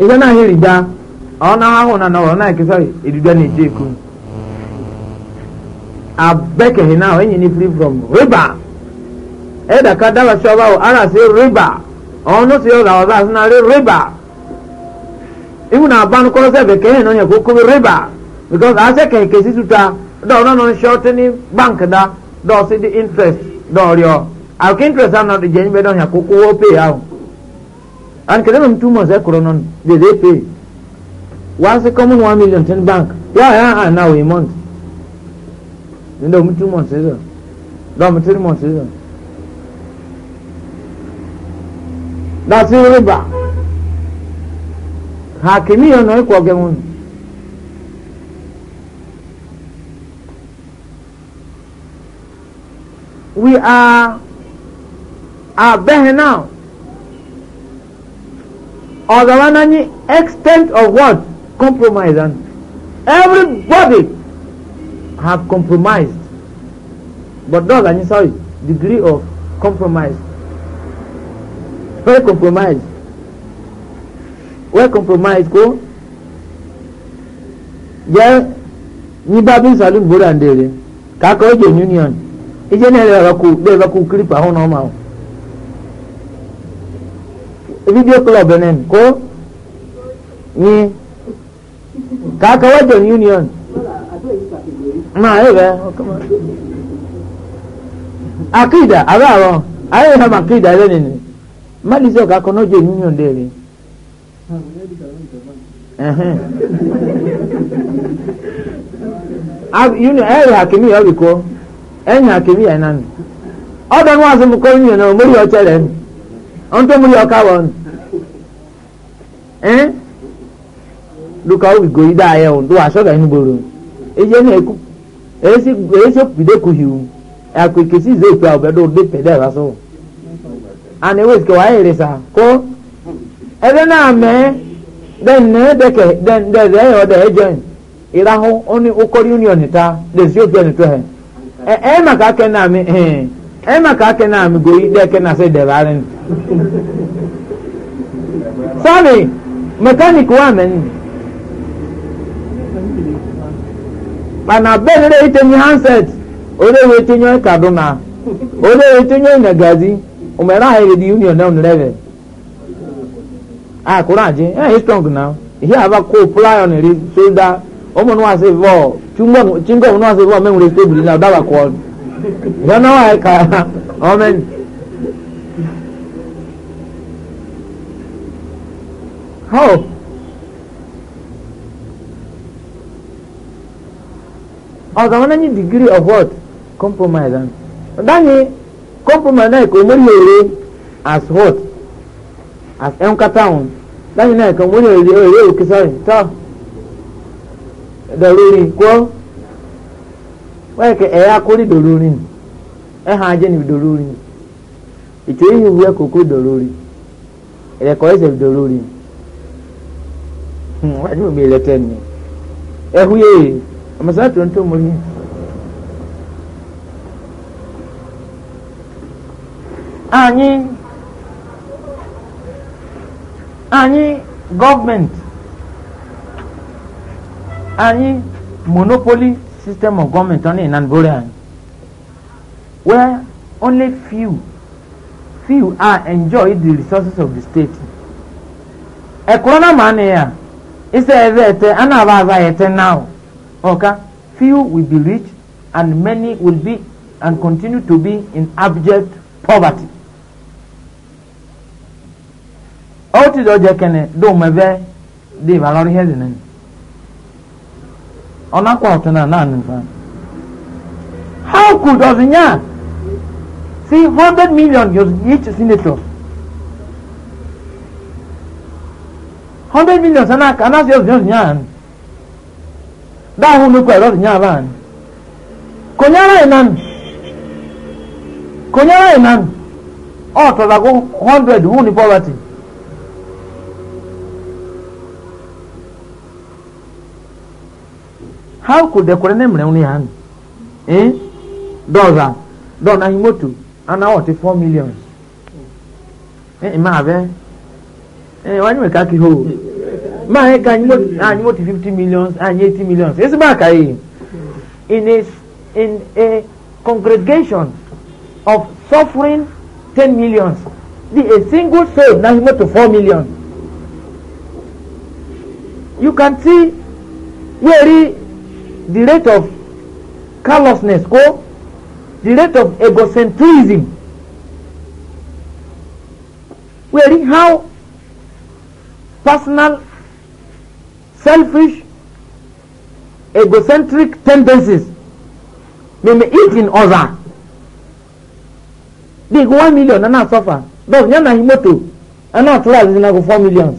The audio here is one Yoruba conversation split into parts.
ihe na ahịrị da ọ na ahụ na nọrọ na ekesa eduda na eche eku abekeghị na ahụ enyi ni free from riba edaka dawa shọba o ara si riba ọnụ si ụlọ ọzọ asị na riba ihu na abanụ kọrọ sebe ka ihe na onye kwokwo riba because asị ka ekesi tuta dọọ nọ nọ nshọtị ni bank da dọọ si dị interest dọọ rịọ akụ interest anọ dị jenyi be dọọ ya kwokwo wo ahụ and kede nom two months ɛkorɔ no de de pay one second one million ten bank ya ya ha now we month nde omu two months ɛzɔ nde omu three months ɛzɔ dasi riba hakimi yɛ nɔ ekɔ gɛmu we are are better now ọ̀gáwánányí extent of what compromise and everybody have compromised but dog anyi sorry degree of compromise wey compromise Where compromise go? jẹ ní babin salim bora ndèrè kakọ ìjẹ union ìjẹ náà ẹ̀rọ ẹ̀rọ kù bẹ́ẹ̀ ẹ̀rọ kù kiri ọ̀hún náà máa video club enen ko ni kaka wajon union ma ebe akida abaro ayo ha makida ebe nini malizo ka kono je union dere ab union ayo hakimi yo biko enyi hakimi ya nani ọdọ nwa asị mkọ union na omori ọchere ni ọ̀ntọ́ mu yọ káwọ̀ ọ̀nù ẹ́n lukọ̀ ọ̀wì gòyí dá ayẹ ọ̀hún tó wà sọ́gà inú gbòòrò èyí ẹni ẹ̀kú èyí ṣe pìdé kù hìwù ẹ̀kú ìkèsí ìzó ìpè àwọn ọ̀bẹ̀dọ̀ ọ̀dẹ pẹ̀lẹ́ ẹ̀rọ sọ̀rọ̀ àná ewé ìsìkè wàá èrè sà kó ẹ̀dẹ́ náà union ta de si òkè ẹ̀ nìtọ́ ẹ̀ maka ẹ̀ màkà ema ka ake na amigo ide eke na se debarin sorry mechanic wa men mana bedere itinye handset orewe itinye kaduna orewe itinye negazi omere ahụ di union na onreve ah kuraji eh strong now ihe aba ko ply on ri shoulder omo nwa se vo chungo chungo nwa se vo menwure stable na dawa ko Yana wa ka amen. How? Ọ̀gá wọn ní degree of what? Compromise. Dani compromise náà kò mórí èrè as what? As ẹnka town. Dani náà kò mórí èrè òkè sọ́rọ̀ tó. Dọ̀rọ̀ rí cool wọ́n kẹ ẹ̀ akórí dòrò rìn ẹ̀ hàn ajẹ́ níbi dòrò rìn ètò yìí wú ẹ̀ kókó dòrò rìn ẹ̀rẹ̀kọ́ ẹ̀sẹ̀ dòrò rìn hmm, wọ́n ní omi ẹ̀rẹ̀kẹ́ ni ẹ̀ hu yéé ọmọọsán tó ń tó mọ yìí. anyị anyị gọọmenti anyị monopoli system of government on in Angola where only few few are enjoy the resources of the state A corona ya ise ezete ana abaza now okay few will be rich and many will be and continue to be in abject poverty o ti do do mebe de valori ọ̀nà ọ̀tún náà nìkan. how could ọ̀sìnyá see hundred million each senator hundred million sanni aka anasi ọ̀sìnyá ọ̀sìnyá ni dáhùn mi kọ̀ ẹ̀rọ ọ̀sìnyá báà ni kò ní ara ìnáni kò ní ara ìnáni ọ̀tọ̀ làgó hundred wù ní poverty. how could the kore ne mmerɛ wo ne yan eh dɔza ah. dɔ ah, na himoto ana wɔte four million eh ma abɛ eh wani mɛ kaki ho ma ye ka himoto ah himoto ah, fifty millions ah eighty millions esi eh? ba ka ye in a in a congregation of suffering ten millions the a single soul na himoto four million you can see where the rate of carelessness ko the rate of egocentrism wherein how personal selfish egocentric tendencies may be eat in other big one million na na suffer dog yan na him moto and no try as in na go four millions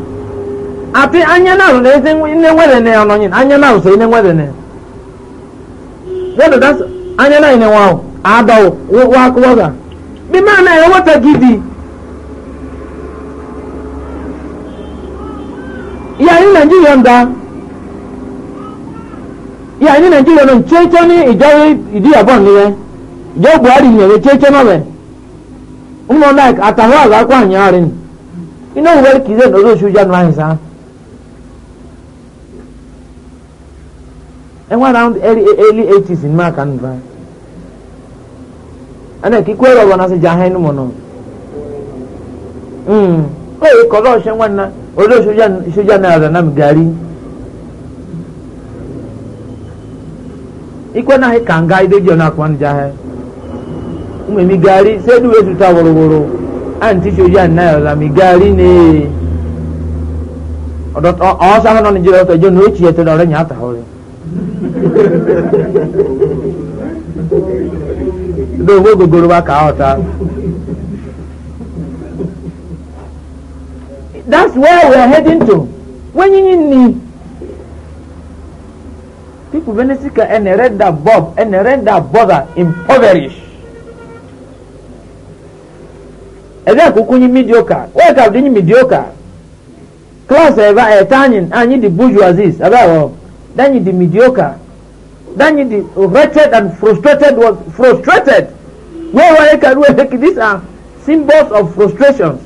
ati anya na na ezi nne nwere ne ya nonyin anya na so ine nwere ne that's anya na ine wao adawo wa kuwaga bi na ya wata di. ya ni nigeria nda ya ni nigeria no cheche ni ijo idi abon ni n'ihe ijo buhari ni ye cheche no be umo like atawa ga kwa nyarin ino wel kize no zo shuja no saa. ẹwọn around early early eighties ní máa kà ní báyìí ẹnna kíkó ẹrọ ọgbọn náà ṣe jà hẹn mọ náà ó yẹ kọ́ lọ́ọ́ ṣe wọn náà olú ṣojá náà rẹ̀ náà gàrí ikọ́ náà kànga ìdójì ọ̀nà àpọ̀ ní jà hẹ́ mímí gàrí sẹ́dí wẹ́ẹ́ tuta wòrowòro àǹtí ṣojá náà rẹ̀ mi gàrí ni ọ̀sán náà nìjọba ọ̀tọ̀ ìjọ ní ó tiẹ̀ tó lọ́ọ́ rẹ̀ nyà àtàwọ̀ rẹ̀ ndị ogbo gogoro ma ka aghọta that's where we are heading to wenyinyi ni people benesika and they read that bob and they read that bother impoverished ɛdɛ akuku nyi mediocre wɛka de nyi mediocre class ɛba ɛta anyin anyi di bourgeoisie ɛbɛ wɔ danyi di mediocre Then it is oh, wretched and frustrated was frustrated. Where were Ekaru These are uh, symbols of frustrations.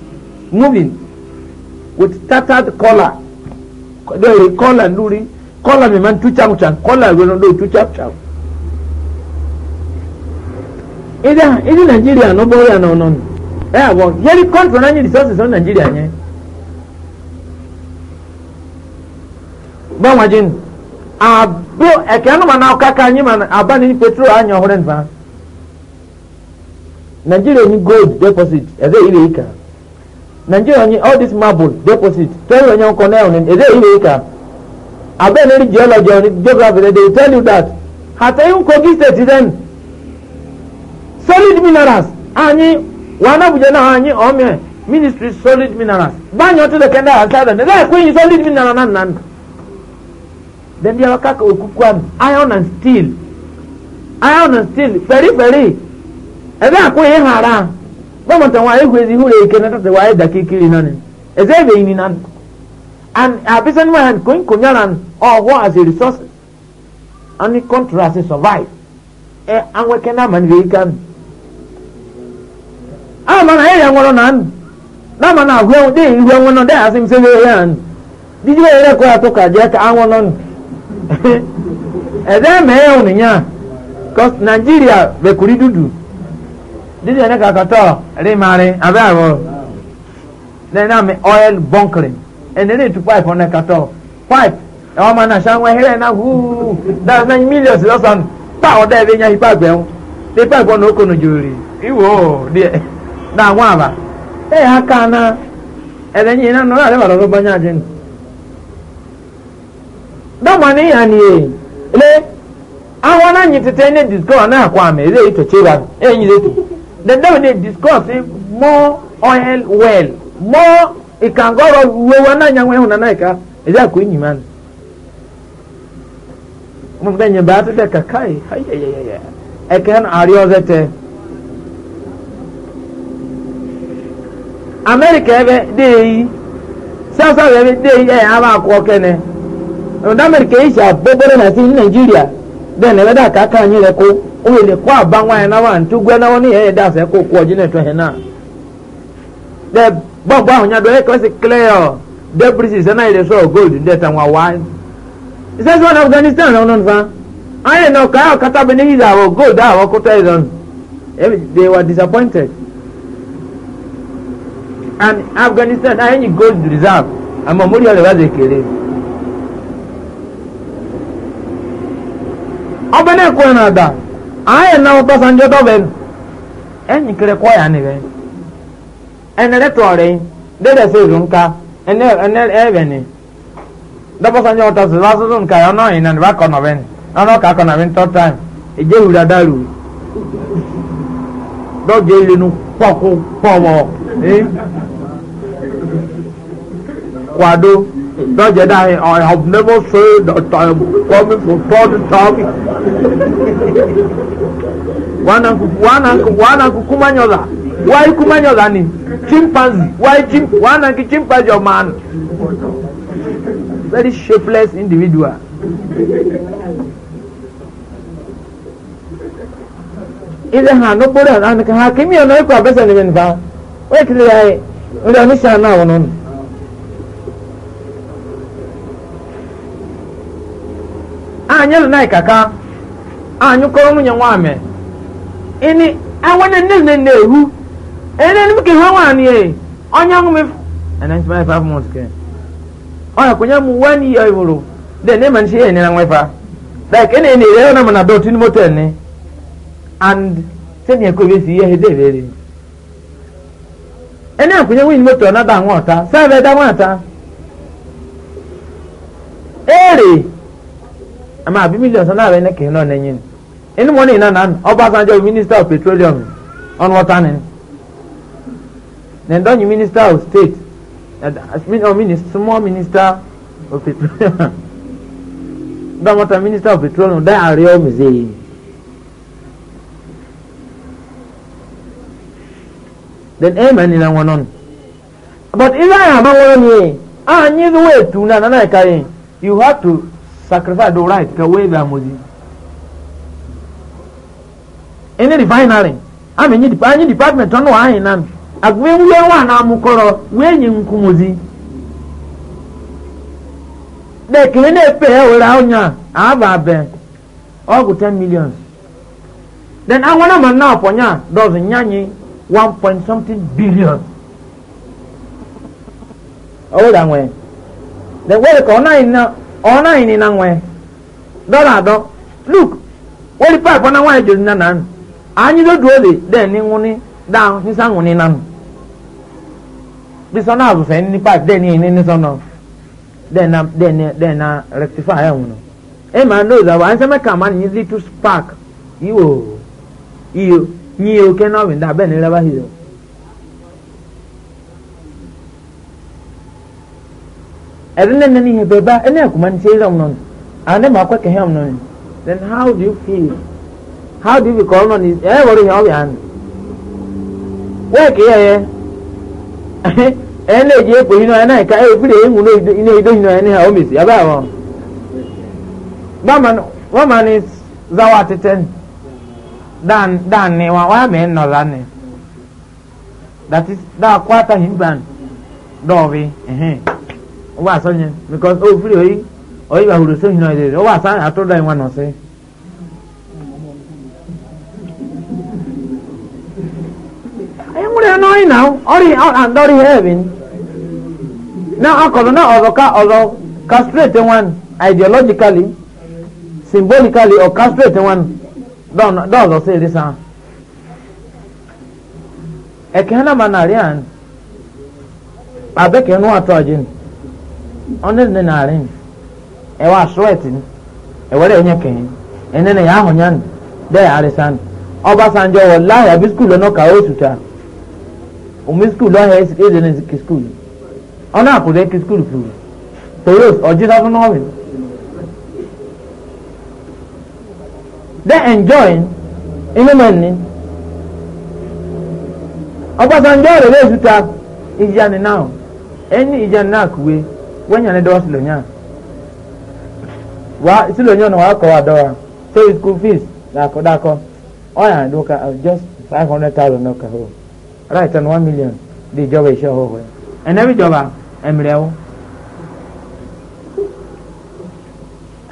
Moving with tattered collar. They collar luri collar me man tucha mucha collar we no do tucha mucha. Ida ini Nigeria no boya no no. Eh wo yeri control na resources on Nigeria nye. Báwọn abo ɛkɛ no ma na ɔkaka anyi ma na aba ne petrol anya ɔhore nfa nigeria ni gold deposit ɛdɛ yi leyi ka nigeria ni all this marble deposit tell you ɔnyɛ nkɔnɛ ɔne ɛdɛ yi leyi ka abɛ ne ni geology ɔne geography they dey tell you that hatayi nkogi state then solid minerals anyi wɔn abuja na anyi ɔmɛ ministry solid minerals báyìí ɔtí lè kẹ́ndà àti sáyẹn lẹ́yìn kúnyìn solid minerals náà nànú then yɛ kaka okuku ano iron and steel iron and steel fɛrifɛri ɛbɛ akɔ yɛ e hara gbɔmɔtɔ wɔn e ayɛ huezi hure ike na tɔtɔ e wɔayɛ da kekere nani ɛsɛ ebe yi nina and abisani wɔn hand koyin koyin ara ɔwɔ as a resource ani contrast survive ɛ anwɛ kɛ n'ama ni veyi kan ama na ayɛ yɛ ŋɔrɔ nan n'ama na ahuɛ de ihuɛ ŋɔnɔ de asim sebe yɛ yan didi bɛ yɛrɛ kɔ yɛ to kadiɛ ka aŋɔnɔ ni. ɛdɛ mɛyɛ wò cos nigeria bɛ dudu didi yɛ ne ka kɔtɔ awɔ ne na oil bunkering ɛnɛ ne tu pipe ɔnɛ kɔtɔ pipe ɛwɔ ma na sanwó ɛhɛrɛ na huu that's nine millions lɔsàn pa ɔdɛ bi nya ipa pipe iwo deɛ na e, aba na ɛdɛ na ale ba nya dama ne ya ni eyi le awa nyi tete ne discourse na akwa ame ere ito cheba enyi leto the devil dey say more oil well more ikangoro wewa na nyanwe na ika ere akwa enyi man mo ga nye ba eken ebe kene ọ̀dọ́ amẹ́ríkà èyí ṣe àbọ̀bọ̀rẹ̀ náà sí ní nàìjíríà aka ni ẹ̀rẹ́dà kàkà yín rẹ̀ kó ó lè kó àbáwọn ẹ̀ náà wà ní túgbẹ́ náà na ní ihe dàsẹ̀ kó kú ọjọ́ náà tó ẹ̀ náà. na debris sọ gold ń dẹ̀ tàwọn wá. ìṣẹ́sí afghanistan lọ nínú fa ayé náà káyọ̀ kátàbí ní gold they were disappointed and afghanistan gold reserve ọbẹ̀ náà kọ́ ẹ̀nà àdá ààyè náà ọ̀tọ̀ sanjọ́ tọ́ bẹ́ẹ̀ ẹ̀yìn kiri kọ́ yà ni bẹ́ẹ̀ rẹ̀ nka ẹ̀nà ẹ̀bẹ̀ ni dọ́bọ̀ sanjọ́ nka ọ̀nà ìnà níbà kọ́ nọ̀ bẹ́ẹ̀ ọ̀nà ọ̀kà kọ́ nọ̀ bẹ́ẹ̀ tọ́ ìjẹ́ ìwúrẹ́ adáru kwado. Brother, I, I have never said that I am coming for third time. wana wana wana kukumanyola why kumanyola ni chimpanzee why chim wana ki chimpanzee your man very shapeless individual ile ha no bora na ka hakimi ona ko abesa ni menfa wait le ai ndio ni sana wonono anyelo na ikaka anyụkọrọ nwunye munye nwame enwere na nne na ehu ene ni ke ho wani e onye ngu mi ana ntima five months ke oya kunya mu wani ya iburu de ne ene na nwefa like ene ene na mana dot and si ene na da ere ama abi millions náà rẹ ní kìí náà nẹ́yìn ni inú mọ́nì iná náà ọbásanjọ́ minister of petroleum on water ni nendonyi minister of state or oh, minister small minister of petroleum don water minister of petroleum dá àárẹ̀ ọ̀mùzẹ̀ yìí. then amen eh, ni na wọn nọ but ilé àyàmọ́ wọn ni ànyínwó ètù náà nánà ẹ̀ka yìí you have to. sacrifice the right ka wee bịa mozi any refinery amenye dipa anyị department ọnụ anyị am agụwe nwuye nwa na amụkọrọ wee nye nkwu mozi dekere na-epe ya were ọnya aba abe ọgwụ 10 million then awara ma na ọpọnya dozi nyanye 1 something billion o were anwe then were ka ọ naghị na ọ̀nà ìní na nwẹ̀ dọ́là àdọ́ look wọ́n pipe ọ̀nà wáyé jòlì náà na àányí anyị ó lè dẹ́ẹ̀ ní nwúni dáa nísà nwúni nánu bísọ̀ náà pipe dẹ́ẹ̀ ní na rectifier na dẹ́ẹ̀ na rectify ẹ̀ wùnú ẹ̀ spark yíwò yíyó yíyó kẹ́ ɛdi nani yɛ bɛba ɛna akuma ne sɛ ɛdɔm no ana ma akɔ kɛhɛm no ni then how do you feel how do you feel? kɔn no ni ɛyɛ wɔre yɛ ɔbɛ ano wɔɔki yɛ yɛ ɛna edi ekpo yi ɛna ɛka ɛyɛ firi no ina edo yi ɛna ha ɔmɛ si ɛbɛyɛ wɔn bama bama zawa tete dan dan ni eh, wa wa mɛ nnɔla ni that is that kwata him ban dɔɔbi ọwọ asọnyẹ because o firi oyi oyi wa horo sẹhin náà yẹ ọwọ asan atọdọ ìwọn nọ sí. ẹyin múlẹ̀ ẹ̀ náà ìnáwó ọ̀rì àndọ́rì hẹ́ẹ̀bìn na akọ̀dọ̀ náà ọ̀rọ̀ ká ọ̀rọ̀ castrate wọn ideologically symbolically or castrate wọn dọ́ọ̀dọ̀ sí èdè sáà ẹ̀kẹ́ náà mà nàrí àn abẹ́kẹ́ nù àtọ́ àjẹnì. ọnụ dị narị ewa asụrụetị ewere onye kenye e enene e ya ahụ ahụnya de ya arịsan ọbasanjọ wọlahi abi skuul ọnụ ka o suta umi skuul ọhịa eze na ezike skuul ọnụ akwụrụ eki skuul pụrụ toros ọjịsasụ n'ọbịa de enjoying ihe menni ọbasanjọ rere ezuta ijiani now enyi ijiani na akụwe wẹ́nyà ni dọ́wọ́ sílò yàn wá sílò yàn ni wàá kọ́ wa dọ́wọ́ so it's school fees dàkọ́ dàkọ́ ọ̀yà ni wọ́n just five hundred thousand ọkà o right and one million di ìjọba iṣẹ́ ọ̀hún ẹ̀nẹ́bí ìjọba ẹ̀mìrẹ́ o.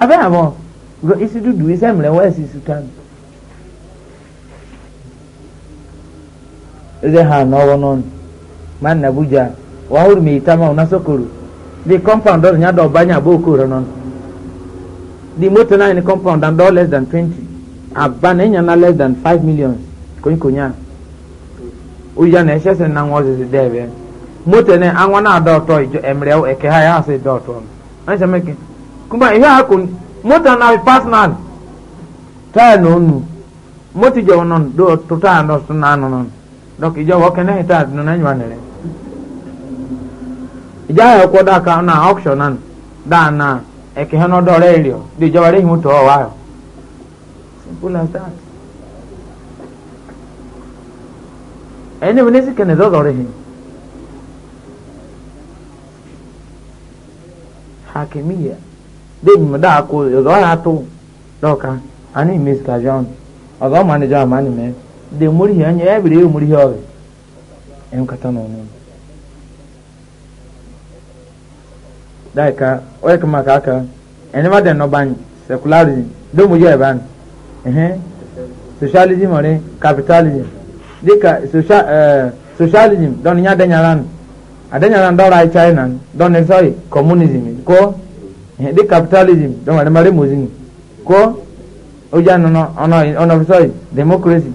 abẹ́ àbọ̀ isi dúdú isi ẹ̀mìrẹ́ wọ́n ẹ̀sì sùtàn. ẹ̀rẹ́ hà náà wọ́n nọ́ọ̀nù má nàbújá wàá wúrùmí ìtàmà ọ̀nà sọ́kòrò the compound dɔn nyɛ dɔ banya bo kuro non the motor na ni compound and dɔ less than twenty aba na enya na less than five million konkonya oya na ɛhyɛ sɛ na ŋɔ sisi dɛ bɛ motor na aŋɔ na dɔ tɔ idzo ɛmrɛ ɛkɛ ha ya se dɔ tɔ na sɛ mɛke kuma ihe a ko motor na personal taya na onu motor jɛ wɔn non do tuta a dɔ so na ano non dɔk idzo wɔ kɛ hita a dunu nere ijaya ko da ka na auction nan da na e ke hono do re rio di jawari hu to wa simple as that ene wene si kene do do re hin hakimiya de mi da ko yo do ya to do ka ani miss kajon ogo manager mani me de muri hen e bi re muri ho e en kata no no daika oye kama kaka ẹni ma dẹnu ban secularism domo yẹ ban ẹhẹn socialism ọrẹ capitalism dika social ẹ eh, socialism dọni nya adẹnyaran adẹnyaran dọrọ ayi china dọni sọrọ communism kọ ẹhẹn di capitalism dọni ẹni ma remozin kọ ojú àná ọ̀nà ọ̀nà sọrọ democracy.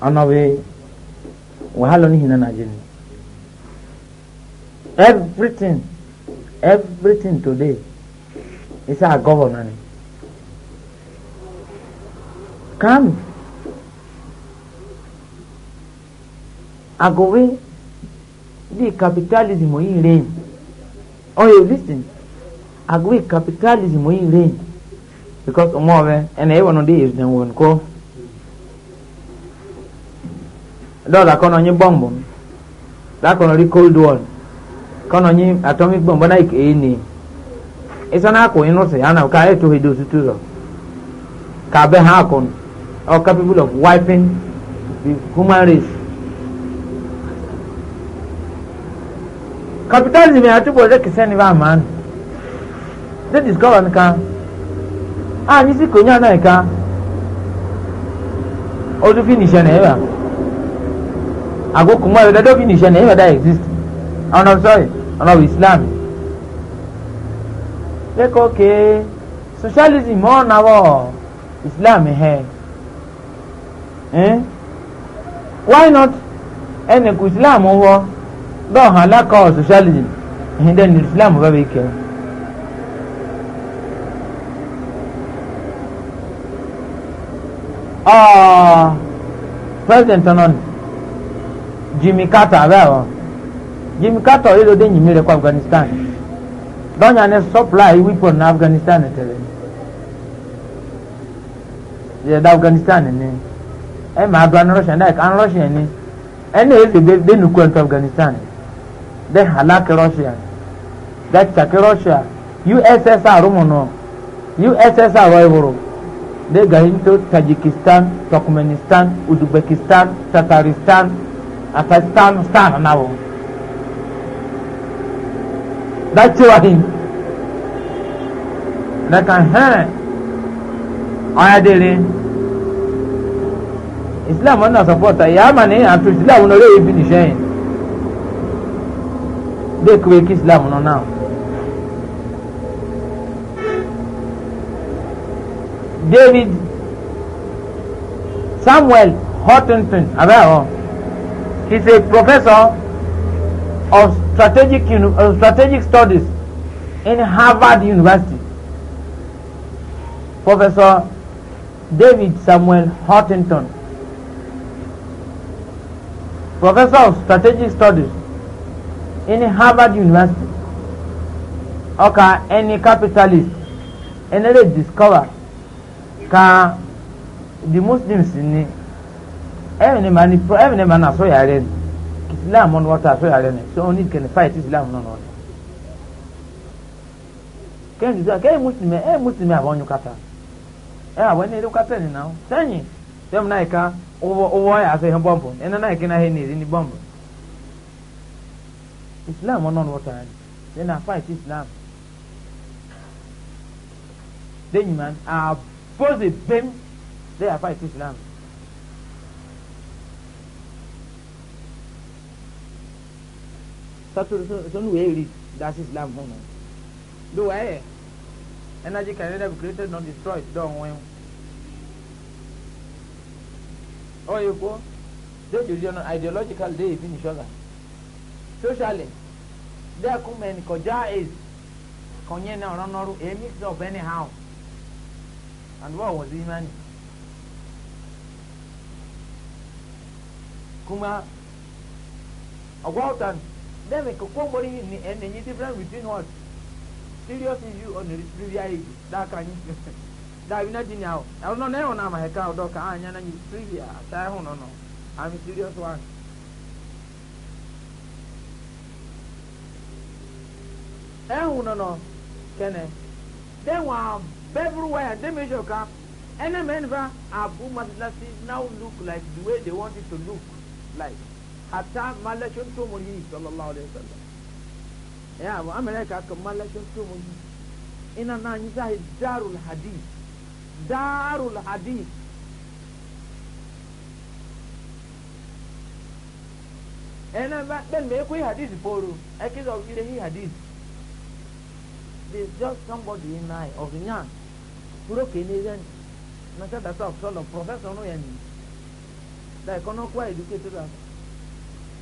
anawe wahala ni na najini everything everything today is our government come agowe the capitalism oyin reign oh you listen agowe capitalism oyin reign because ọmọ ọbẹ ẹnna ẹ wọn ọdẹ yẹn wọn kọ. dɔla kɔnɔ nyi bɔmbu la kɔnɔ ri cold war kɔnɔ nyi atomic bomb na ike ni. isana ko inu se ana ka eto hedo tutu rɔ ka bɛ ha kɔn or capable of wiping the human race capitalism yɛ ati bɔdɛ kisɛ ni ba man de discover nika a ah, nyi si konya na ika o tu fi ni sɛ na yɛ ba ago kuma yau da dobi ni shene yau da exist àwọn ọ̀nà sọ̀rọ̀ ọ̀nà islam lẹ́kọ̀ọ́ ke socialism ọ̀ nà wọ̀ islam hẹ́ why not ẹnì kù islam wọ dọ̀hàn alákọ̀ socialism ẹ̀hìn dẹ́ni islam bá bẹ kẹ́ ọ̀ president ọ̀nà ni jimmy carter bẹ́ẹ̀ o jimmy carter yìí ló dé yìnyín rẹ̀ kọ́ afghanistan lọ́nyà ni supply weapon ní afghanistan tẹ̀lé yẹ da afghanistan ni ẹ máa do an russia dáì kan russia ni ẹni èyí lè dé nukú ẹ̀ntọ́ afghanistan dẹ́ halaki russia dẹ́ tsaki russia ussr mu nù ussr ẹ̀hóró dẹ́ gahinto tajikistan turkmenistan uzbekistan tataristan after stand stand now that you are him na kan hẹn ọyadere islam ọ̀nà support ẹ̀yà ama e ni àti islam ọ̀nà olóyè ibi nìṣẹ́ yìí dé kúrẹ́ kí islam ọ̀nà náà. david samuel huntington abẹ́ àwọn. He's a professor of strategic, uh, strategic studies in Harvard University. Professor David Samuel Huntington. Professor of Strategic Studies in Harvard University. Ọkà any capitalist ẹni lè discover ka the Muslims ni ɛmene ma ni pro ɛmene ma na so yare ni islam no wata so yare ni so oni kene fight islam no no kẹ́hìn ti sọ kẹ́hìn mùsùlùmí ẹ̀ mùsùlùmí àwọn ọ̀nyùn kata ẹ̀ àwọn ẹni ẹ̀dùn kata nìyẹn náà sẹ́yìn sẹ́mu náà ìka owó ẹ̀ àṣẹ ìhàn bọ́m̀bù ẹ̀nà náà ìkíni ahẹ́ ní èdè ní bọ́m̀bù islam ọ̀nà ọ̀nà wọ̀tà ni ṣe na fight islam dẹ́yìn man àbọ̀dẹ̀ bẹ́m dẹ́yà fight islam. sɔturu sɔnu wɛri that's islam fún mi do wa yɛ energy can never be created nor destroyed dɔn wɛn ɔyɛ kó dey religion ideological dey fi nisɔla socially dey kumen kɔjá is kɔnyɛ na ɔrɔ nɔrɔ a mix of anyhow and what was imani kuma ɔgbɔwutan then we could come in and any difference between what serious issue on the previous issue that can you that we not in now I don't know now my car dog and you trivial I don't know I'm a serious one ɛhu eh, oh, no no kɛnɛ then um, wa bɛburu waya then make sure ka ɛnɛ mɛ nifa abu masilasi now look like the way they wanted to look like hatta malashin tumuri sallallahu alaihi wasallam ya abu amerika kan malashin tumuri ina na yi zahi darul hadith darul hadith ena ba ben me ku hadith poru e ki zo gire hi hadith there is just somebody in I of nyan puro kenezan na sada sa of solo professor no yani da ikono kwa educated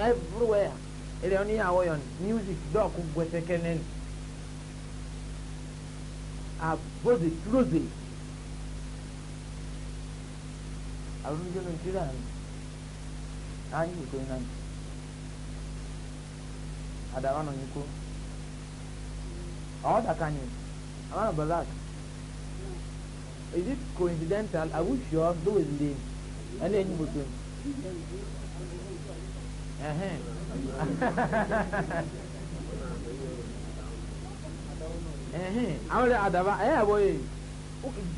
everywhere ele oni awo yon music do ku gwete kenen a body closing arun jo non tira ani ko nan ada wano nyiko awada kanyi awana balak is it coincidental i wish you all those names and then you àwọn ilé adaba ẹ yà bọ yìí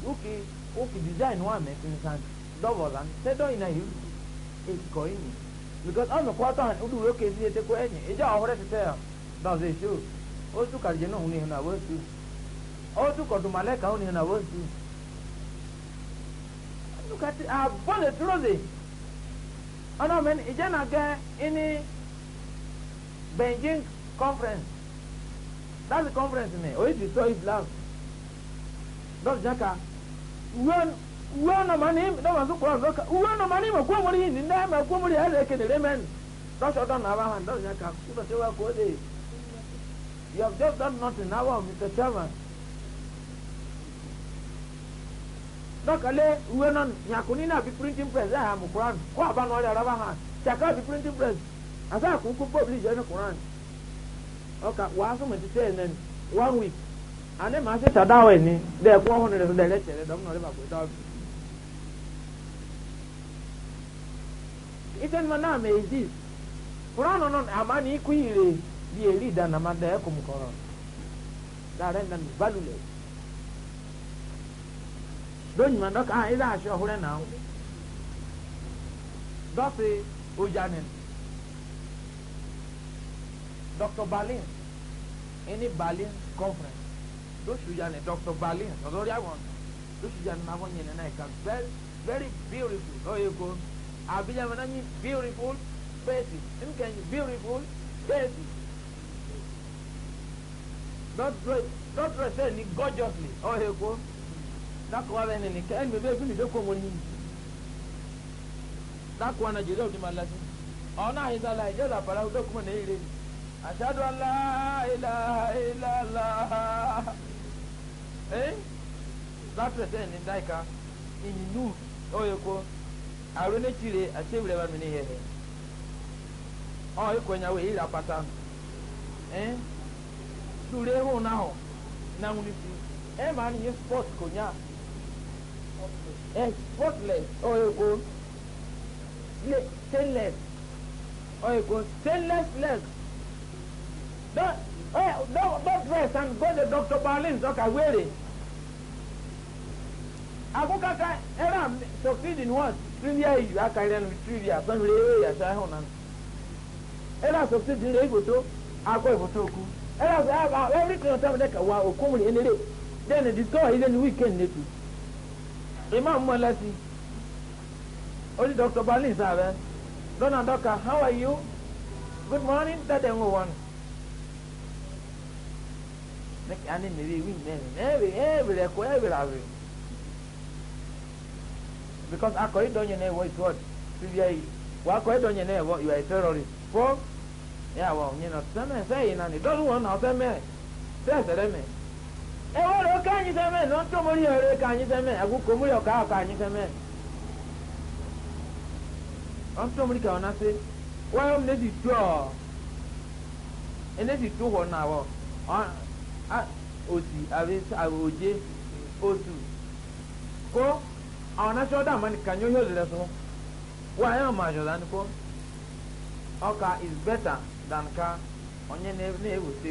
ókè ókè design wà mẹ nǹkan dọ́bọ̀ la tẹ́dọ̀ yìí náà yìí èkìkọ̀ yìí ni because ọ̀nà kwata ọdún wíwọ́ kéésì yẹn tẹ́kọ̀ ẹ̀yìn ìjà ọ̀húrẹ́ tẹ́tẹ́ yà dàwọn ṣe ṣó ó tún kàdìjẹ́ náà òun ni ìhùnà wọ́n ka ó tún kọ̀dùnmọ̀lẹ́kà òun ni ìhùnà wọ́n ṣù. àbọ̀lẹ̀ túrọ̀lẹ̀. ọ̀nà mẹ́ni ìjẹ́nà gẹ́ ẹni beijing conference that's the conference ni oye ti sọ islam dọ́ọ̀tì jẹ́ka uwe ọ̀nàmọ́ ni dọ́ọ̀mọ́ sọ kúrọ̀ lọ́ka uwe ọ̀nàmọ́ ni mọ̀kú ọmọdé yìí ní ndé ẹ̀mọ̀ ẹ̀kú ọmọdé ẹ̀rẹ́ kedere mẹ́ni dọ́ọ̀tì ọ̀dọ́ nà abahan dọ́ọ̀tì jẹ́ka kúrò tí wọ́n kọ́ ọ́ de you have just done nothing now mr chairman. dɔkɛlɛ uwe nọ nyakuni printing press ɛyà eh, mu kuran kó aba nɔ ɔlẹ raba hàn printing press asa kuku publish ɛni eh, kuran ɔka wàá ti one week ani màá sẹ tada wẹ ni dẹ kó ɔhún rẹ dẹ lẹ tẹlẹ dọm bàbá ìta ọbẹ. ìtẹnu ma náà mẹ èzí kuran nọ nọ àmà ni ikú yìí bí lónìí ma dọ́kà hàn ah, ilé àṣẹ ọ̀húnrẹ́ náà dọ́sì ojanin dr berlin ẹni berlin conference lóṣù yanin dr berlin lọ́dọ́rí àwọn lóṣù yanin àwọn yẹn náà ẹ̀ka very very beautiful lọ́yẹ̀kọ́ àbíyàmọ náà yín beautiful faces nkẹ́yìn beautiful faces dọ́tírẹ̀ sẹ́yìn ní gorgeously lọ́yẹ̀kọ́ dakowa bɛ nini kɛ ɛni bɛ bɛ bɛ ko mɔni yi dakowa na jeli o ti ma lase ɔ n'a yi ta la yi jɛla bala o bɛ kuma ne yire asadu ala ila ila la ee latrɛ tɛ ni da yi kan ìyìnú o yẹ ko àrùn ne ti re àti ewúrẹ́ bá mi ní yẹhẹ ɔ ekò nyawo èyí la pata ee lure ehun náà hàn náà ń wuli fi ẹ máa ní yẹ sport kò nyá spotless oyeko stainless oyeko stainless leg don don dress and go the doctor berlin sọka were akukaka eram succeed in what trivia iju akarịa na trivia sanwere ewe yasa ahụ na eram succeed in egoto akọ egoto okwu eram everything on time deka wa okomri enere then the store is in weekend native imam mwelesi only dr berlin sabe donna doka how are you good morning dada ngo wan make ani miri wi men every every ko every every because akori donye na ewo is what cbi wa akori donye na ewo you are a terrorist for yeah well you know some say na ni don't want na say me say say me ewere oke anyị seme na ntụ omori ka anyị omori ọka ka anyị seme omori ka ọ na-asị m hụ na osi oje otu ko ọ na ọda amanị ka anyị ohe olile sụ wayọ ma ọka is better than ka onye na-ewute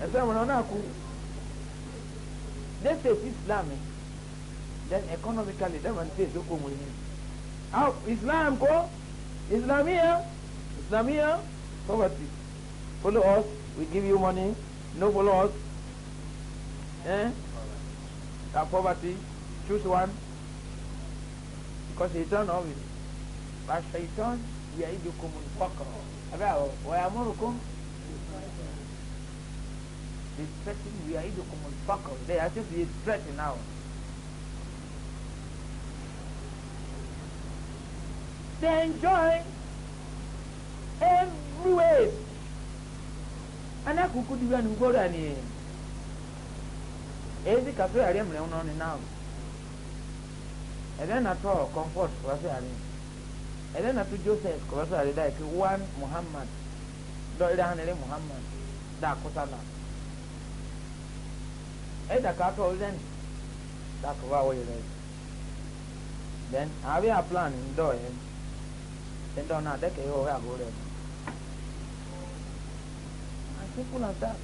ẹsẹ wọn náà kú they face islam then economically dem and face oko mo yin how islam ko islamiya islamiya poverty follow us we give you money no follow us eh na poverty choose one because shaitan always But shaitan yẹ idukum nfọkọ abẹ́ àwọn wọ́n yà múrùkún they threaten we are either common fucker. They are just a threat now. They enjoy every way. And I could do an go down here. Every cafe I am on now. And then I throw comfort for us. And then I to Joseph, because I like one Muhammad. Don't Muhammad. That either cattle then that cover all your legs then àbí a plan ń dọ̀ ẹ́ ṣe ń dọ̀ náà dẹ́kẹ̀ yóò wẹ́ àgbo rẹ̀ as simple as that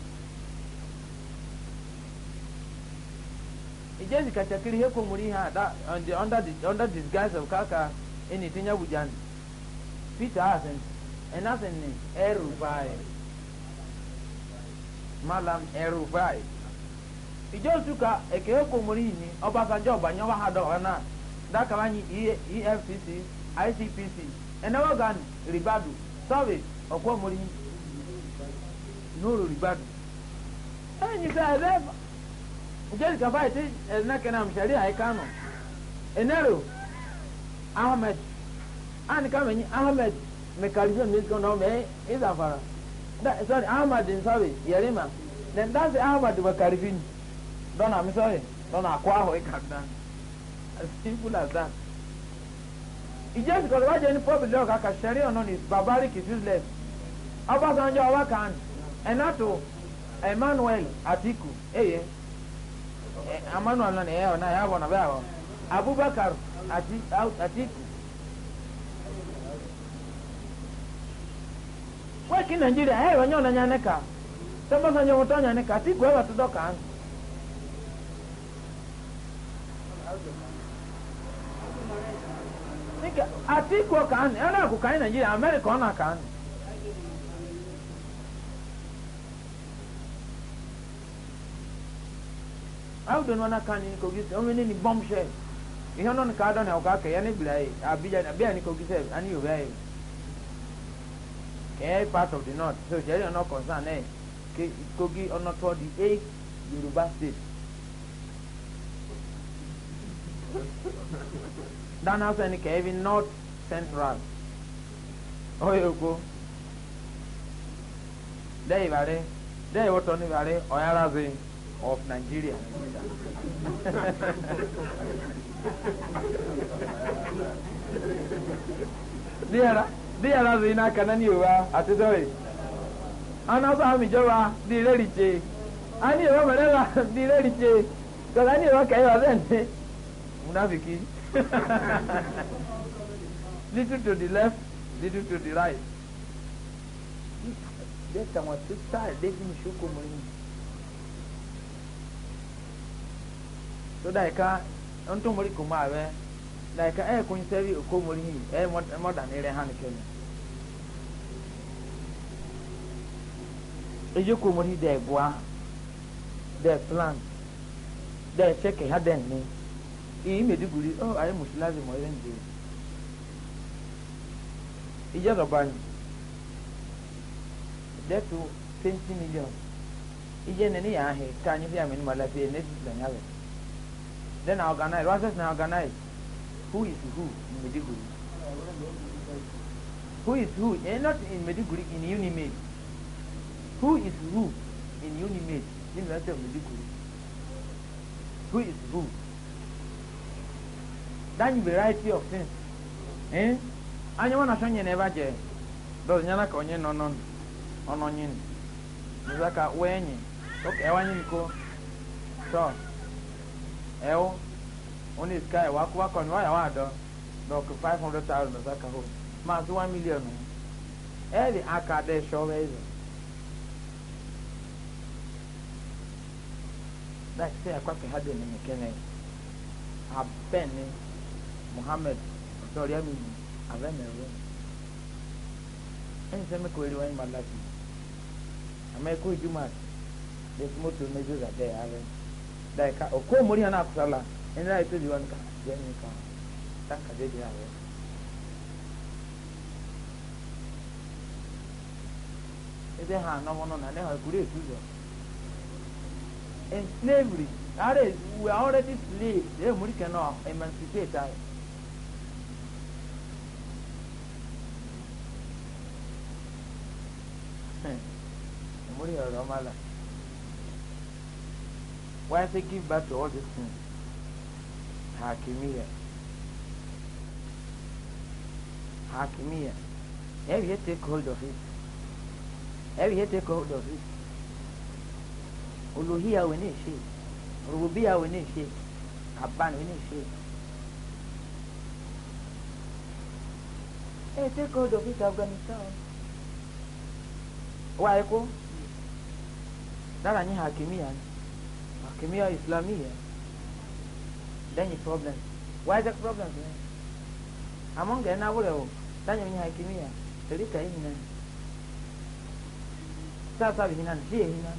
ìjẹ́ ìsìkàtà kiri he kò múri ha that under the under disguise of kaka ẹni tí ń yá wùjà ni peter asin ẹnasin ni ẹrù báyìí malam ẹrù báyìí ijosuka ekehekomrini ọbasanjọ banye ọba ha dọọna dakabanye efcc icpc enewogan ribadu service ọkwọmori n'ụlọ ribadu enyisa ebe jessica fight enekenam sharia ikano enero ahmed anikamenyi ahmed mekarizon n'ezikọ na ọma ịzafara sorry ahmed nsabe yarima then that's ahmed karifini. Don't I'm sorry Don't acquire it ika dan as simple as that e just because wa jɛ ni pɔbi lɛ ɔka ka sari ɔnɔ ni barbaric is useless ɔbasanjɛ And kan ɛnato emmanuel atiku eye eh, eh. eh, emmanuel nani ɛyɛ ɔna ɛyɛ abɔ na bɛ abubakar ati atiku wɛki nigeria ɛyɛ ɔnyɛ ɔna nyaneka sɛ ɔbasanjɛ ɔmutɔ nyaneka atiku ɛwɛ to dɔ kan. atiku ka anyị a na-akụ ka anyị naijiria amerịka ọ na-aka anyị aw don wana kan ni ko gise o ni bom she i honon ka don ha ka ya ni blai abija abia ni ko gise ani yo bai ke part of the north so je you no concern e, ke kogi ono to e Yoruba state dana sani kɛɛbi north central ɔyɛ ko dɛyi bare dɛyi wɔtɔ ni bare ɔyarazi of nigeria diara diara zi na kana ni owa ati sɔre ana sɔ ami jɔba di rɛri tse ani owa mɛrɛ di rɛri tse kɔla ni owa kɛyɔ sɛnti munafiki. little to the left little to the right dẹ́ta wọn tó sáà lẹ́yìn ìṣókò mọ́ yìí tó dáìka ń tó mọ́rí kò máa rẹ dáìka ẹ̀ kò ń sẹ́rí òkò mọ́rí yìí ẹ̀ mọ́dà ní rẹ̀ hàn kẹ́mi. eje ko mori dɛ boa dɛ plant dɛ sɛ kɛ ha iyi maiduguri oh anyị mụsi lazim onye njem ije dọbanyị detu 20 million ije nene ya ahị ka anyị bịa mene malafi ene tutula nyawe then I organize process na organize who is who in maiduguri who is who eh, not in maiduguri in unimate who is who in unimate in the of maiduguri who is who that variety of things eh anyị nwa na achọ nye na ebe aje dọzi nyana ka onye nọ ọnọnyi nụza ka wee enyi ụka ewanye nko sọ ewu onye sky wa akwụwa kọ nwa ya wa adọ dọkụ 500,000 nụza ka home maazị 1 million aka dị eze dị muhammed sọ̀rọ̀ yẹn mi abẹ́mẹ̀rẹ́ ẹni sẹ́mi kò rí wáyé malaki àmọ́ ẹ̀kọ́ ìjùmọ̀ this motor measures are there ààrẹ dàìka òkú òmòrí hàn àkùsàlà ẹni láì tó di wọn ká jẹ́ mi kàn táǹkà jẹ́ di ààrẹ. ebe ha anọmọ nọ na ne ha ekuru etu zọ in slavery that is we are already slaves they emurike nọ emancipate ayi. muri ọ̀rọ̀ mala why say give back to all these things hakimiya hakimiya every year take hold of it every year take hold of it olohiya wo ne ṣe rububiya wo ne ṣe aban wo ne ṣe ẹ take hold of it afghanistan waye ko dara ni hakimia hakimia islamia danyi problem Why the problem ne among ga na wure o danyi ni hakimia telika hina sasa hina sie hina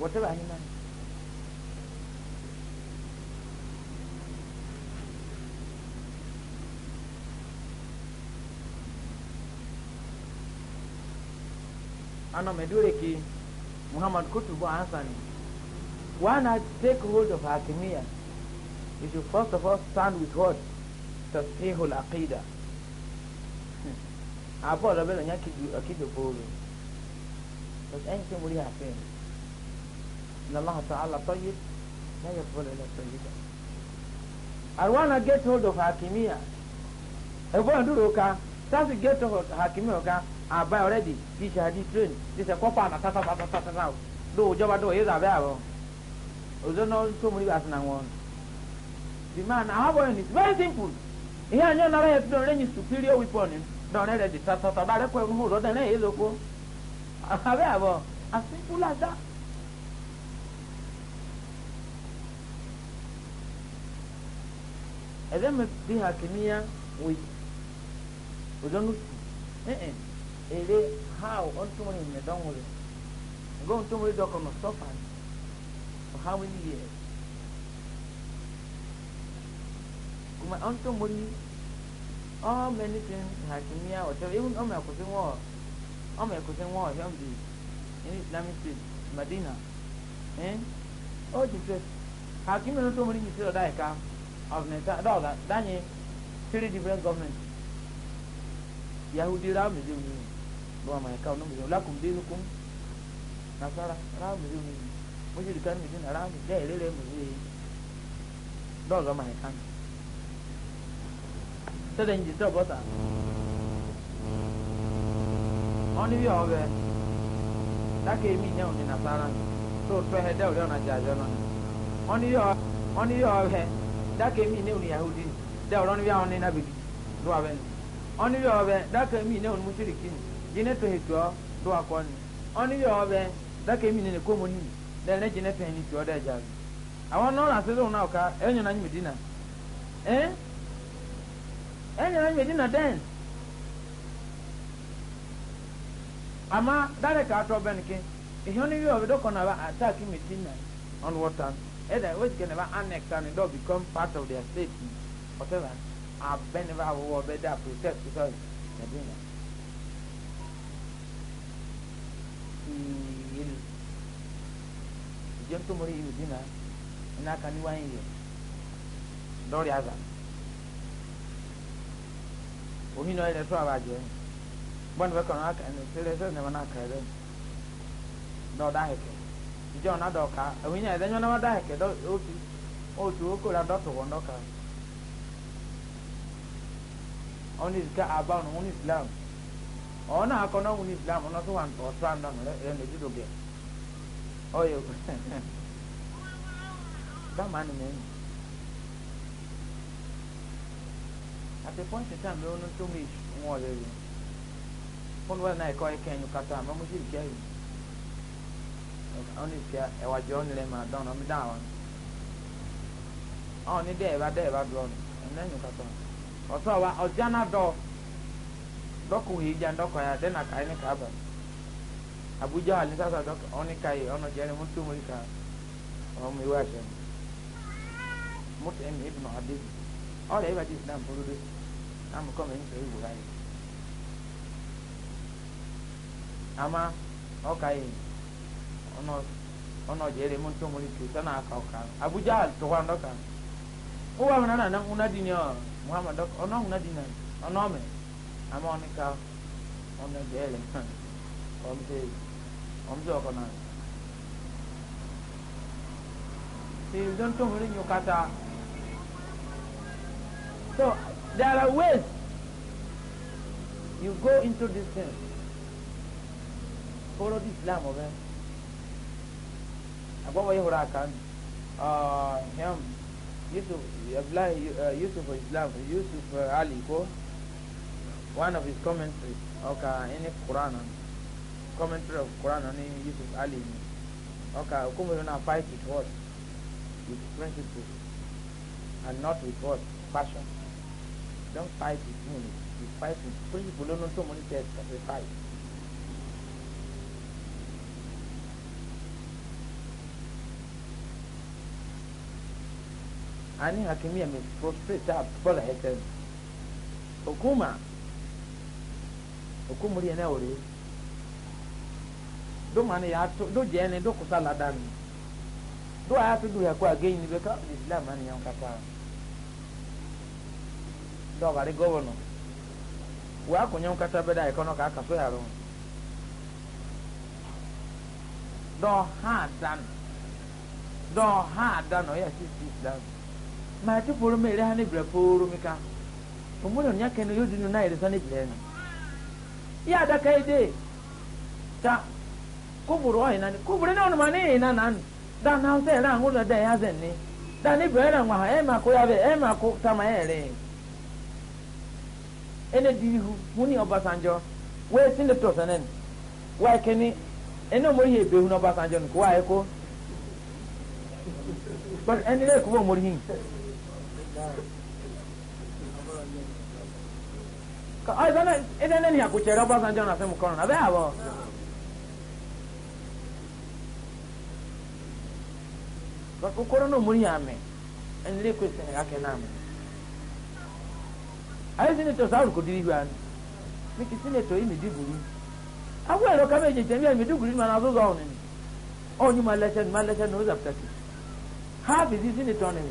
whatever hina ana medure ki muhammad kutubu hassan wanna take hold of hakimiyya We should first of all stand with what tasihul aqida I abu ọ̀rọ̀ bẹ́ẹ̀ lọ́nyà kìdò bóòlù but ẹni tí mo rí àfihàn lọ́láhà tó follow lẹ́yìn ìfọ̀lẹ́ lọ́tọ́yé dà arwana get hold of hakimiyya ẹ̀fọ́ ìdúró ka sáà sì get hold of hakimiyya I buy already train this a copper and a tata tata tata now do job do is a bear ozo no oh, so many as na one the man our boy is very simple ihe anya nara ya don range superior weapon don ready tata tata bare ko mu do den e loko abe abo as simple as that and then we have with ere how ɔntumuri nyɛ dɔnwere ɛgbɛ ɔntumuri dɔkɔ no sɔfan for how many years kuma ɔntumuri all many things hakimia whatever even ɔmɛ ɛkutɛ wɔ ɔmɛ ɛkutɛ wɔ ɔhɛm di in islamic state madina ɛn ɔ jesus hakimia ɔntumuri nyi sɛ ɔda ɛka ɔfinɛta dɔwla danyi three different governments yahudi ra mi de mu wa ma yakaw na mbizo lakum dinukum nasara ra mbizo ni mujiri kan mbizo na ra mbizo ya ilele mbizo ya dɔɔzɔ ma yaka sɛdɛ nyi dɔ bɔta ɔni bi ɔbɛ dake mi nyɛ ɔni nasara tó tɔ hɛ dɛ ɔlɛ ɔna dzadzɔ nɔni ɔni bi ɔbɛ ɔni bi ɔbɛ dake mi nyɛ ɔni yahudi dɛ ɔlɛ ɔni bi ɔni nabi do abɛ ɔni bi ɔbɛ dake mi nyɛ ɔni musiriki jine to hito do akon oni yo be da ke minene ko moni da ne jine pe ni to da ja awon no na se na ka enyo e na nyimi dina eh enyo na nyimi dina den ama dare ka to ben ke ihon ni yo be do kona ba attack mi dina on water either which can never annex and it become part of their state whatever I've been never over there protect because Medina. jẹ́ tó mọ̀rí ìlú dínà iná kan ní wáyé yẹ lọ́rí àgbà omi náà ilẹ̀ tó àbàjẹ́ bọ́ọ̀nù bẹ́ẹ̀ kàn án kàn án sílẹ̀ sẹ́sẹ̀ náà náà kàn án lẹ́nu dɔɔ da hɛkɛ ìjọ ɔna dɔɔ ka ɛwìn yẹn ɛdɛ nyɔnama da hɛkɛ dɔ otu otu oko la dɔ tɔwɔ dɔ ka ɔni sika aba ɔni islam ɔna akɔ na ɔni islam ɔna tó wà ɔtɔ àná ọyọ dama ni a point in time ló mi fún náà ẹ̀kọ́ ẹ̀kẹ́ ẹ̀yìn kata ọ̀nà ìfẹ́ ẹ̀wà ọ̀nà ìlẹ̀ máa dán ọ̀nà dùn ọ̀nà ẹ̀nà ẹ̀yìn kata ọ̀tọ̀ wa náà dọ̀ yìí dẹ́nà ní abuja ali sasa dɔk ɔni ka yi ɔnɔ jɛni mu tumuli ka ɔmu iwa sɛ mu mutɛ mi ibnu abi ɔlɛ iba ti islam polo de amu kɔmi ɛni sɛ ibu ka yi ama ɔka yi ɔnɔ ɔnɔ jɛni mu tumuli tu sɛnɛ aka ɔka abuja ali tɔgɔ an dɔka uwa huna na huna dini ɔ muhammad dɔk ɔnɔ huna dini ɔnɔ mɛ ama ɔni ka ɔnɔ jɛni omje omje okonan till don to muri nyukata so there are ways you go into this thing follow the islam of okay? agbawa yi hura kan uh, him yusuf abdullahi uh, yusuf islam yusuf uh, ali one of his commentaries okay in the quran commentary of Quran on him, Yusuf Ali. Okay, Okumu will not fight with what? With principles. And not with what? Passion. Don't fight with money. You fight with principles. principle. Don't know so many tests that we fight. ani hakimiyya mai prostrate ta bala Okuma, hukuma hukumar yana wuri do mane ya to do jene oh, do kusala dami do ya to do ya kwa gei ni beka islam mane yon kata do bari govono wa ko nyon kata beda e kono ka kaso ya ro do ha dan do ha dan o ya si islam ma ti poro me re ha ni bre poro mi ka omulo nya kenu yodinu na ire sane bre ni ya da kaide ta kuburu ohi nani kuburu na onu mani ina nani da na ose ra ngulu na ya zen ni da ni bere ngwa ha e ma ko ya be e ma ko ta ma ere ene dihu muni obasanjo we sin de to sanen wa keni ene mo ye be hu na obasanjo ni ko wa e ko but ene le ko mo ri hin ka ai dana ene ne ni akuchera obasanjo na se mu kono na be abo yeah. but okoro no muri ame and le question ya ke name ayi senator ko diri hwan mi ki senator yi mi diguri awo ero ka meje temi mi diguri ma na zo zo ni o ma lesson ma lesson no za ha bi di senator ni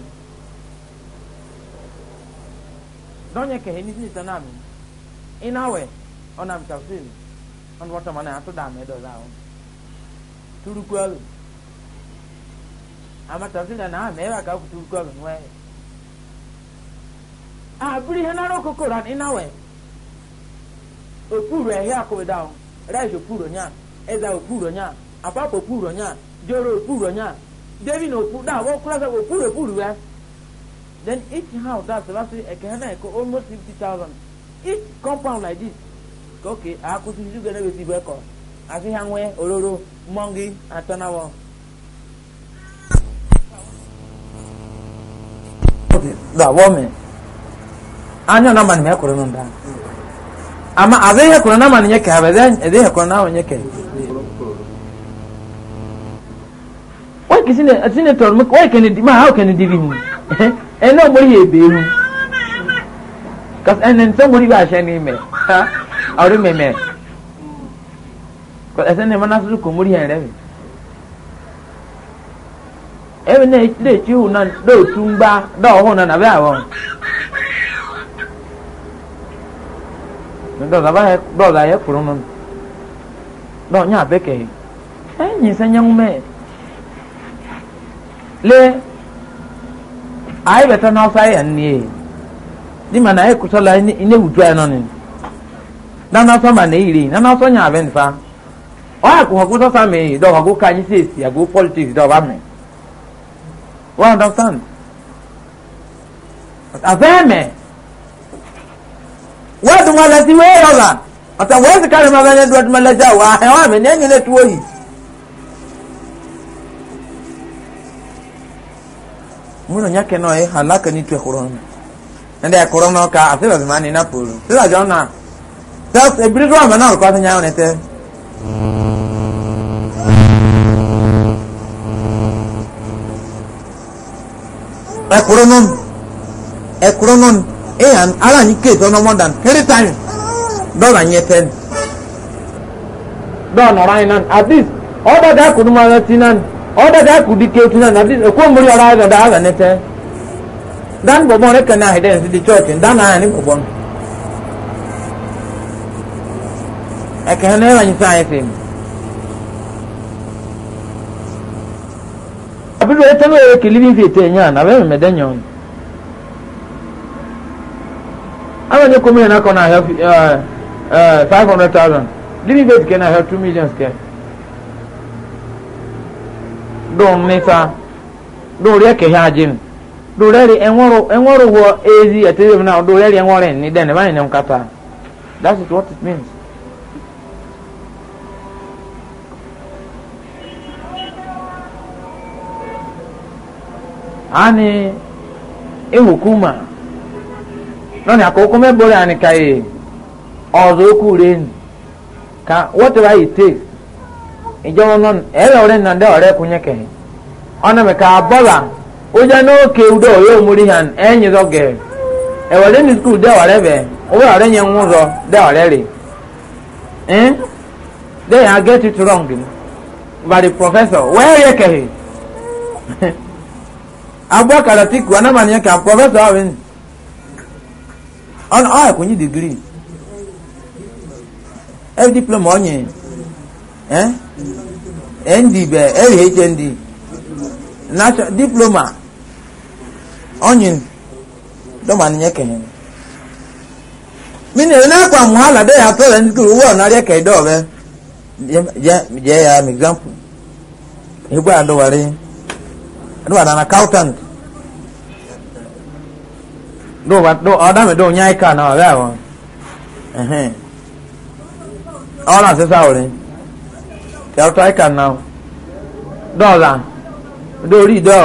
donye ke ni senator na mi inawe ona do turukwalu na amatafsiri anaameva kakutuka vimwe aburihenarokokora inawe opuru ehe down. rais opuro nya eza opuro nya apapa opuro nya joro opuro nya devi na opuru da wokurasa opuru opuru we then each house that's the last na eko almost fifty thousand each compound like this okay akusi sugana besi beko asi hanwe ororo mmongi atanawo da wome anyo na mani mekore no da, ama azai he kuna na mani nyeke ha bezen ede he kuna na mani nyeke wa kisine atine tor mu wa kene ma how can divi ni e no mo ye be hu kas enen so mo ri ba she ni me ha eh? awre me me ko esen ne mana su ko mo ri hen re ebe na echi hụ na otu mgba da ọhụụ na nabe abụọ dọla ya kwuru nụ na onye abekee enyi ise nye nwume lee anyị bata n'ọsọ ya nne dị ma na anyị kwụsọla inewuju anyị e nọ nị na n'ọsọ ma na eyiri na n'ọsọ nya abịa nfa ọ ya kwụ ọgụ dọsa mee dọwa ọgụ ka anyị si esi agụ politiks dọwa mee wọ́n understand abẹ́ẹ̀mẹ̀ wọ́n ti wọn lọ sí wéé rọ̀là ọ̀tọ̀ wọ́n ti kárí máa bẹ́ẹ̀ dúró lọ́jà wà ẹ̀wọ̀n àmì ní ẹ̀yìn lè tuwó yìí. múlò nyake náà ẹ̀ aláka ní tu ẹ̀kọ́rọ́ nù ẹ̀dá ẹ̀kọ́rọ́ náà ká àfihàn ìmọ̀ ní nápòlù sílẹ̀ àjọ náà ebiri tó wà mọ́ náà rẹ̀ kọ́ àti nyáwó nìtẹ́. ẹkùrọ nọ ẹkùrọ nọ ẹyà ara ní kéètì ọ̀nà more than three times dọ́là yẹn tẹ́lẹ̀. dọ́ọ̀ nọ̀rọ̀ ayé at least ọ̀dọ̀ dà kùdú máa ń ti náà ọ̀dọ̀ dà kùdú kéètì náà at least èkó mórí ọ̀rọ̀ ayé dọ̀dọ̀ àgbà nẹ́tẹ́. dan bọ̀bọ̀n rẹ̀ kàn náà hẹ̀dẹ̀ di church dan náà ní bọ̀bọ̀n. ẹ̀kẹ́ hẹ́n náà yẹn sáyẹ́ sèmi. akudu ete no eke living faith enya na be me denyo awa ne komi na 500000 living faith ke na 2 million ke don nisa do re ke ha jin do re re enworo enworo wo ezi ete na ni ba that is what it means ani ihukuma nani akoko mebore ani kaye ọzọ okwu renu ka whatever it takes ìjọba nọ ẹrẹ ọrẹ nà ndẹ ọrẹ kúnyẹ kẹhìn ọnà mi ka bọla ụjọ n'oke udo ọrẹ omuri ha ẹnyị zọ gẹ ẹwọrẹ ní skul dẹ ọrẹ bẹ ọwọ ọrẹ nye nwụ zọ dẹ ọrẹ rè ẹn dẹ ya get it wrong by the professor wẹ́ẹ́ yẹ kẹhìn abubakar atiku anamaniya kan professor awin ọ̀nà ọ̀ ẹ̀kọ́ yín degree ẹ̀ diploma ọ̀nyẹ̀ ẹ̀ eh? nd bẹ̀ ẹ̀ hnd national diploma ọ̀nyẹ̀ dọ́maniya kẹ̀yẹ̀ mí ni ẹ̀ náà kọ́ àwọn aládé yàtọ̀ rẹ̀ nítorí owó ọ̀nà rẹ̀ kẹ̀ dọ̀ rẹ̀ jẹ́ ya example ìgbà àdọ́wárí àdọ́wárí àná accountant do do ọdọ mi do nyai ka na ọbẹ àwọn ẹhìn ọlọ àṣẹṣà òrìn kẹrọtọ ẹka na dọọla do rí dọọ